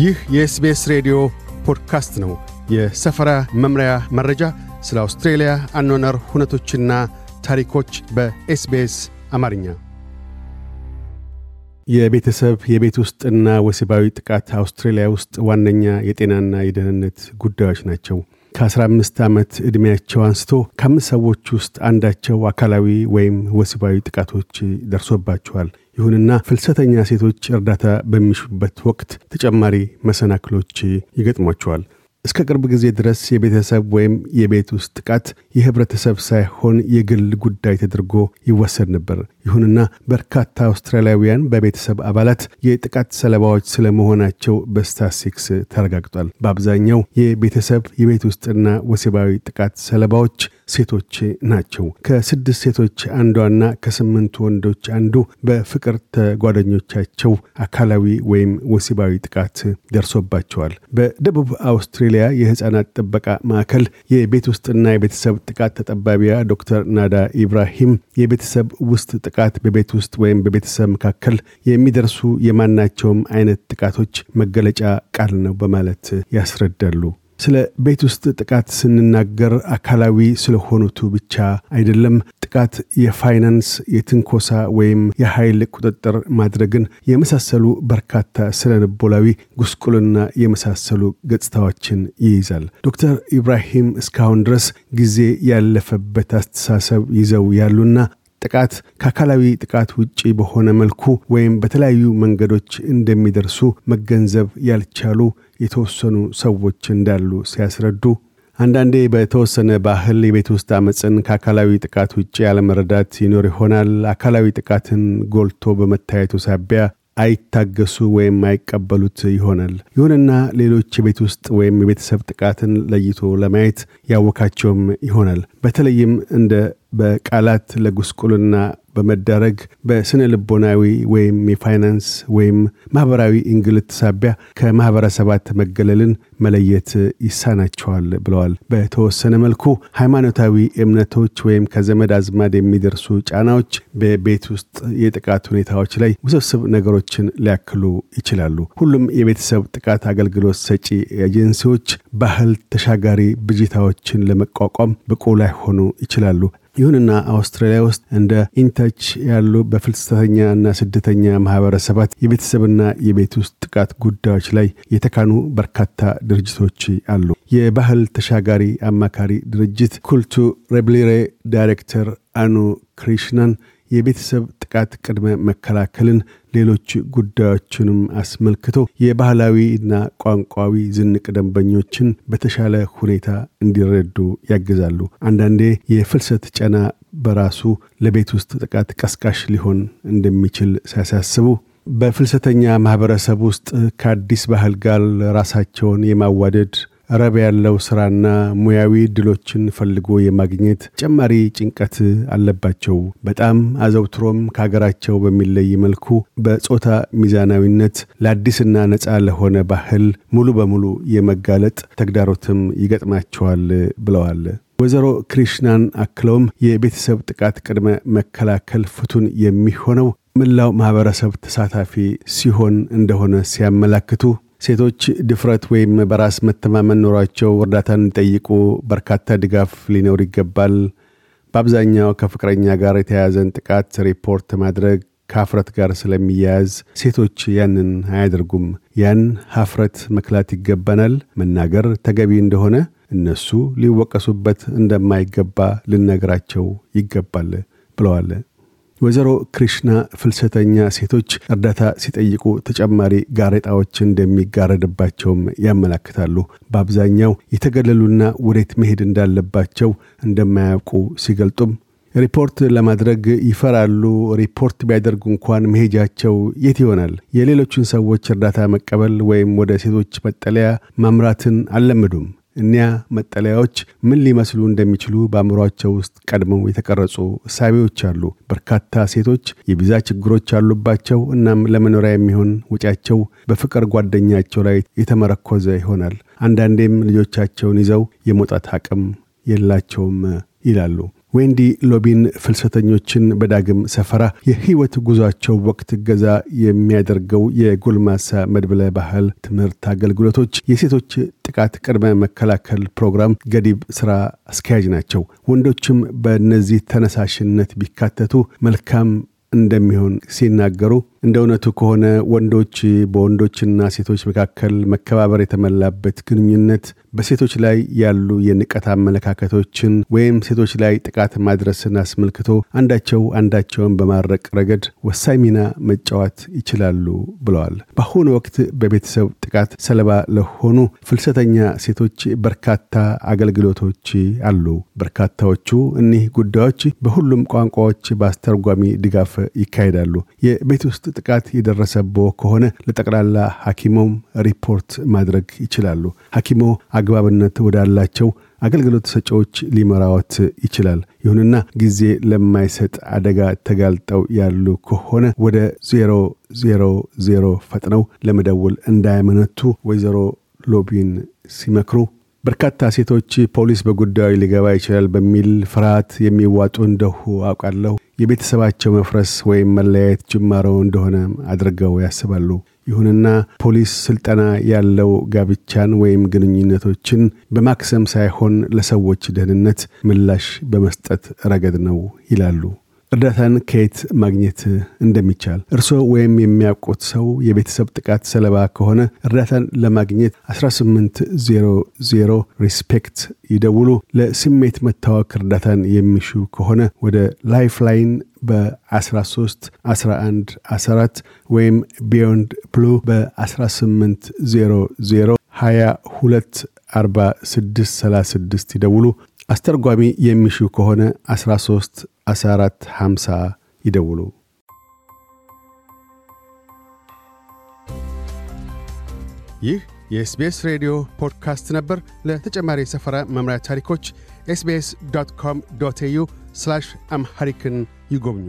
ይህ የኤስቤስ ሬዲዮ ፖድካስት ነው። የሰፈራ መምሪያ መረጃ፣ ስለ አውስትሬልያ አኗነር ሁነቶችና ታሪኮች በኤስቤስ አማርኛ። የቤተሰብ የቤት ውስጥና ወሲባዊ ጥቃት አውስትሬልያ ውስጥ ዋነኛ የጤናና የደህንነት ጉዳዮች ናቸው። ከ15 ዓመት ዕድሜያቸው አንስቶ ከአምስት ሰዎች ውስጥ አንዳቸው አካላዊ ወይም ወሲባዊ ጥቃቶች ደርሶባቸዋል። ይሁንና ፍልሰተኛ ሴቶች እርዳታ በሚሹበት ወቅት ተጨማሪ መሰናክሎች ይገጥሟቸዋል። እስከ ቅርብ ጊዜ ድረስ የቤተሰብ ወይም የቤት ውስጥ ጥቃት የህብረተሰብ ሳይሆን የግል ጉዳይ ተደርጎ ይወሰድ ነበር። ይሁንና በርካታ አውስትራሊያውያን በቤተሰብ አባላት የጥቃት ሰለባዎች ስለመሆናቸው በስታሲክስ ተረጋግጧል። በአብዛኛው የቤተሰብ የቤት ውስጥና ወሲባዊ ጥቃት ሰለባዎች ሴቶች ናቸው። ከስድስት ሴቶች አንዷና ከስምንት ወንዶች አንዱ በፍቅር ተጓደኞቻቸው አካላዊ ወይም ወሲባዊ ጥቃት ደርሶባቸዋል። በደቡብ አውስትሬሊያ የህፃናት ጥበቃ ማዕከል የቤት ውስጥና የቤተሰብ ጥቃት ተጠባቢያ ዶክተር ናዳ ኢብራሂም የቤተሰብ ውስጥ ጥቃት በቤት ውስጥ ወይም በቤተሰብ መካከል የሚደርሱ የማናቸውም አይነት ጥቃቶች መገለጫ ቃል ነው በማለት ያስረዳሉ። ስለ ቤት ውስጥ ጥቃት ስንናገር አካላዊ ስለሆኑቱ ብቻ አይደለም። ጥቃት የፋይናንስ፣ የትንኮሳ ወይም የኃይል ቁጥጥር ማድረግን የመሳሰሉ በርካታ ስለ ልቦናዊ ጉስቁልና የመሳሰሉ ገጽታዎችን ይይዛል። ዶክተር ኢብራሂም እስካሁን ድረስ ጊዜ ያለፈበት አስተሳሰብ ይዘው ያሉና ጥቃት ከአካላዊ ጥቃት ውጪ በሆነ መልኩ ወይም በተለያዩ መንገዶች እንደሚደርሱ መገንዘብ ያልቻሉ የተወሰኑ ሰዎች እንዳሉ ሲያስረዱ አንዳንዴ በተወሰነ ባህል የቤት ውስጥ አመፅን ከአካላዊ ጥቃት ውጭ ያለመረዳት ይኖር ይሆናል። አካላዊ ጥቃትን ጎልቶ በመታየቱ ሳቢያ አይታገሱ ወይም አይቀበሉት ይሆናል። ይሁንና ሌሎች የቤት ውስጥ ወይም የቤተሰብ ጥቃትን ለይቶ ለማየት ያወካቸውም ይሆናል። በተለይም እንደ በቃላት ለጉስቁልና በመዳረግ በስነ ልቦናዊ ወይም የፋይናንስ ወይም ማህበራዊ እንግልት ሳቢያ ከማህበረሰባት መገለልን መለየት ይሳናቸዋል ብለዋል። በተወሰነ መልኩ ሃይማኖታዊ እምነቶች ወይም ከዘመድ አዝማድ የሚደርሱ ጫናዎች በቤት ውስጥ የጥቃት ሁኔታዎች ላይ ውስብስብ ነገሮችን ሊያክሉ ይችላሉ። ሁሉም የቤተሰብ ጥቃት አገልግሎት ሰጪ ኤጀንሲዎች ባህል ተሻጋሪ ብጅታዎችን ለመቋቋም ብቁ ላይሆኑ ይችላሉ። ይሁንና አውስትራሊያ ውስጥ እንደ ኢንተች ያሉ በፍልሰተኛ እና ስደተኛ ማህበረሰባት የቤተሰብና የቤት ውስጥ ጥቃት ጉዳዮች ላይ የተካኑ በርካታ ድርጅቶች አሉ። የባህል ተሻጋሪ አማካሪ ድርጅት ኩልቱ ሬብሊሬ ዳይሬክተር አኑ ክሪሽናን የቤተሰብ ጥቃት ቅድመ መከላከልን፣ ሌሎች ጉዳዮችንም አስመልክቶ የባህላዊና ቋንቋዊ ዝንቅ ደንበኞችን በተሻለ ሁኔታ እንዲረዱ ያግዛሉ። አንዳንዴ የፍልሰት ጨና በራሱ ለቤት ውስጥ ጥቃት ቀስቃሽ ሊሆን እንደሚችል ሲያሳስቡ በፍልሰተኛ ማህበረሰብ ውስጥ ከአዲስ ባህል ጋር ራሳቸውን የማዋደድ ረብ ያለው ስራና ሙያዊ ድሎችን ፈልጎ የማግኘት ተጨማሪ ጭንቀት አለባቸው። በጣም አዘውትሮም ከሀገራቸው በሚለይ መልኩ በጾታ ሚዛናዊነት ለአዲስና ነፃ ለሆነ ባህል ሙሉ በሙሉ የመጋለጥ ተግዳሮትም ይገጥማቸዋል ብለዋል። ወይዘሮ ክሪሽናን አክለውም የቤተሰብ ጥቃት ቅድመ መከላከል ፍቱን የሚሆነው ምላው ማህበረሰብ ተሳታፊ ሲሆን እንደሆነ ሲያመላክቱ ሴቶች ድፍረት ወይም በራስ መተማመን ኖሯቸው እርዳታ እንዲጠይቁ በርካታ ድጋፍ ሊኖር ይገባል። በአብዛኛው ከፍቅረኛ ጋር የተያያዘን ጥቃት ሪፖርት ማድረግ ከሀፍረት ጋር ስለሚያያዝ ሴቶች ያንን አያደርጉም። ያን ሀፍረት መክላት ይገባናል። መናገር ተገቢ እንደሆነ እነሱ ሊወቀሱበት እንደማይገባ ልነገራቸው ይገባል ብለዋል። ወይዘሮ ክሪሽና ፍልሰተኛ ሴቶች እርዳታ ሲጠይቁ ተጨማሪ ጋሬጣዎች እንደሚጋረድባቸውም ያመላክታሉ። በአብዛኛው የተገለሉና ወዴት መሄድ እንዳለባቸው እንደማያውቁ ሲገልጡም ሪፖርት ለማድረግ ይፈራሉ። ሪፖርት ቢያደርጉ እንኳን መሄጃቸው የት ይሆናል? የሌሎችን ሰዎች እርዳታ መቀበል ወይም ወደ ሴቶች መጠለያ ማምራትን አልለመዱም። እኒያ መጠለያዎች ምን ሊመስሉ እንደሚችሉ በአእምሯቸው ውስጥ ቀድመው የተቀረጹ እሳቤዎች አሉ። በርካታ ሴቶች የቪዛ ችግሮች አሉባቸው። እናም ለመኖሪያ የሚሆን ውጫቸው በፍቅር ጓደኛቸው ላይ የተመረኮዘ ይሆናል። አንዳንዴም ልጆቻቸውን ይዘው የመውጣት አቅም የላቸውም ይላሉ። ዌንዲ ሎቢን ፍልሰተኞችን በዳግም ሰፈራ የህይወት ጉዟቸው ወቅት ገዛ የሚያደርገው የጎልማሳ መድብለ ባህል ትምህርት አገልግሎቶች የሴቶች ጥቃት ቅድመ መከላከል ፕሮግራም ገዲብ ስራ አስኪያጅ ናቸው። ወንዶችም በእነዚህ ተነሳሽነት ቢካተቱ መልካም እንደሚሆን ሲናገሩ እንደ እውነቱ ከሆነ ወንዶች በወንዶችና ሴቶች መካከል መከባበር የተሞላበት ግንኙነት በሴቶች ላይ ያሉ የንቀት አመለካከቶችን ወይም ሴቶች ላይ ጥቃት ማድረስን አስመልክቶ አንዳቸው አንዳቸውን በማድረቅ ረገድ ወሳኝ ሚና መጫወት ይችላሉ ብለዋል። በአሁኑ ወቅት በቤተሰብ ጥቃት ሰለባ ለሆኑ ፍልሰተኛ ሴቶች በርካታ አገልግሎቶች አሉ። በርካታዎቹ እኒህ ጉዳዮች በሁሉም ቋንቋዎች በአስተርጓሚ ድጋፍ ይካሄዳሉ። የቤት ውስጥ ጥቃት የደረሰቦ ከሆነ ለጠቅላላ ሐኪሞም ሪፖርት ማድረግ ይችላሉ። ሐኪሞ አግባብነት ወዳላቸው አገልግሎት ሰጪዎች ሊመራዎት ይችላል። ይሁንና ጊዜ ለማይሰጥ አደጋ ተጋልጠው ያሉ ከሆነ ወደ ዜሮ ዜሮ ዜሮ ፈጥነው ለመደወል እንዳያመነቱ ወይዘሮ ሎቢን ሲመክሩ በርካታ ሴቶች ፖሊስ በጉዳዩ ሊገባ ይችላል በሚል ፍርሃት የሚዋጡ እንደሁ አውቃለሁ። የቤተሰባቸው መፍረስ ወይም መለያየት ጅማረው እንደሆነ አድርገው ያስባሉ። ይሁንና ፖሊስ ስልጠና ያለው ጋብቻን ወይም ግንኙነቶችን በማክሰም ሳይሆን ለሰዎች ደህንነት ምላሽ በመስጠት ረገድ ነው ይላሉ። እርዳታን ከየት ማግኘት እንደሚቻል እርስዎ ወይም የሚያውቁት ሰው የቤተሰብ ጥቃት ሰለባ ከሆነ እርዳታን ለማግኘት 1800 ሪስፔክት ይደውሉ። ለስሜት መታወክ እርዳታን የሚሹ ከሆነ ወደ ላይፍላይን በ13 ወይም ቢዮንድ ብሉ በ1800 22 46 36 ይደውሉ። አስተርጓሚ የሚሹ ከሆነ 13 1450 ይደውሉ። ይህ የኤስቢኤስ ሬዲዮ ፖድካስት ነበር። ለተጨማሪ የሰፈራ መምሪያ ታሪኮች ኤስቢኤስ ዶት ኮም ዶት ኤዩ አምሐሪክን ይጎብኙ።